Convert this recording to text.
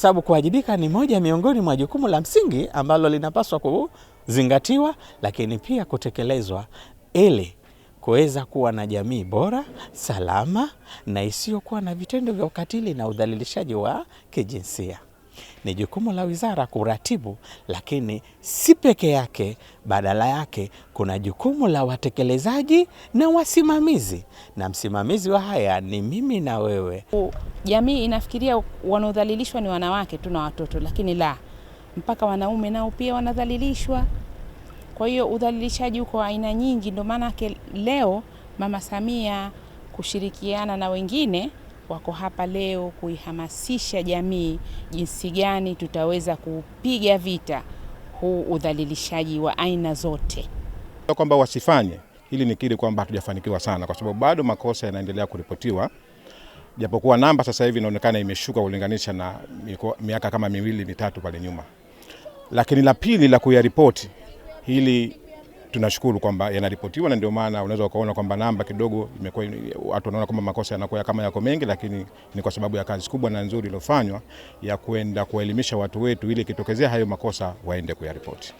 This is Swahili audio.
sababu kuwajibika ni moja miongoni mwa jukumu la msingi ambalo linapaswa kuzingatiwa, lakini pia kutekelezwa ili kuweza kuwa na jamii bora, salama na isiyokuwa na vitendo vya ukatili na udhalilishaji wa kijinsia. Ni jukumu la wizara kuratibu, lakini si peke yake. Badala yake, kuna jukumu la watekelezaji na wasimamizi, na msimamizi wa haya ni mimi na wewe. Jamii inafikiria wanaodhalilishwa ni wanawake tu na watoto, lakini la, mpaka wanaume nao pia wanadhalilishwa. Kwa hiyo udhalilishaji uko aina nyingi, ndio maana leo Mama Samia kushirikiana na wengine wako hapa leo kuihamasisha jamii jinsi gani tutaweza kupiga vita huu udhalilishaji wa aina zote. Kwamba wasifanye hili, nikiri kwamba hatujafanikiwa sana, kwa sababu bado makosa yanaendelea kuripotiwa, japokuwa namba sasa hivi inaonekana imeshuka kulinganisha na miaka kama miwili mitatu pale nyuma. Lakini la pili la kuyaripoti hili tunashukuru kwamba yanaripotiwa na ndio maana unaweza ukaona kwamba namba kidogo imekuwa watu wanaona kwamba makosa yanakuwa kama yako mengi, lakini ni kwa sababu ya kazi kubwa na nzuri iliyofanywa ya kwenda kuwaelimisha watu wetu ili ikitokezea hayo makosa waende kuyaripoti.